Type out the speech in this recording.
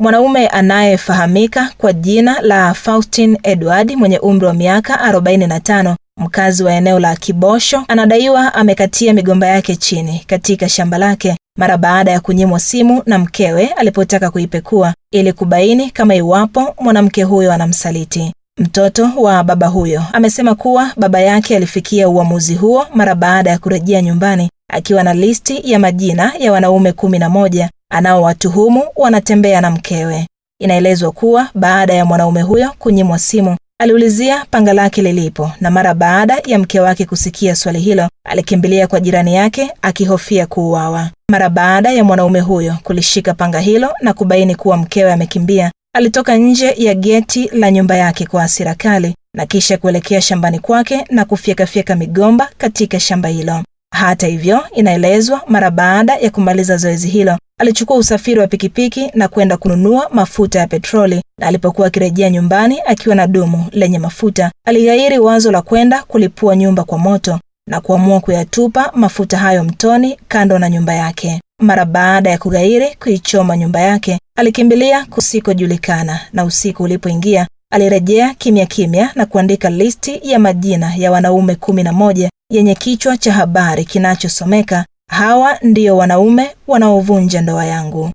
Mwanaume anayefahamika kwa jina la Faustin Edward mwenye umri wa miaka 45 mkazi wa eneo la Kibosho anadaiwa amekatia migomba yake chini katika shamba lake mara baada ya kunyimwa simu na mkewe alipotaka kuipekua ili kubaini kama iwapo mwanamke huyo anamsaliti. Mtoto wa baba huyo amesema kuwa baba yake alifikia uamuzi huo mara baada ya kurejea nyumbani akiwa na listi ya majina ya wanaume kumi na moja anaowatuhumu wanatembea na mkewe. Inaelezwa kuwa baada ya mwanaume huyo kunyimwa simu, aliulizia panga lake lilipo, na mara baada ya mke wake kusikia swali hilo, alikimbilia kwa jirani yake akihofia kuuawa. Mara baada ya mwanaume huyo kulishika panga hilo na kubaini kuwa mkewe amekimbia, alitoka nje ya geti la nyumba yake kwa hasira kali na kisha kuelekea shambani kwake na kufyekafyeka migomba katika shamba hilo. Hata hivyo, inaelezwa mara baada ya kumaliza zoezi hilo, alichukua usafiri wa pikipiki na kwenda kununua mafuta ya petroli, na alipokuwa akirejea nyumbani akiwa na dumu lenye mafuta, alighairi wazo la kwenda kulipua nyumba kwa moto na kuamua kuyatupa mafuta hayo mtoni kando na nyumba yake. Mara baada ya kughairi kuichoma nyumba yake, alikimbilia kusikojulikana, na usiku ulipoingia alirejea kimya kimya na kuandika listi ya majina ya wanaume kumi na moja yenye kichwa cha habari kinachosomeka Hawa ndio wanaume wanaovunja ndoa yangu.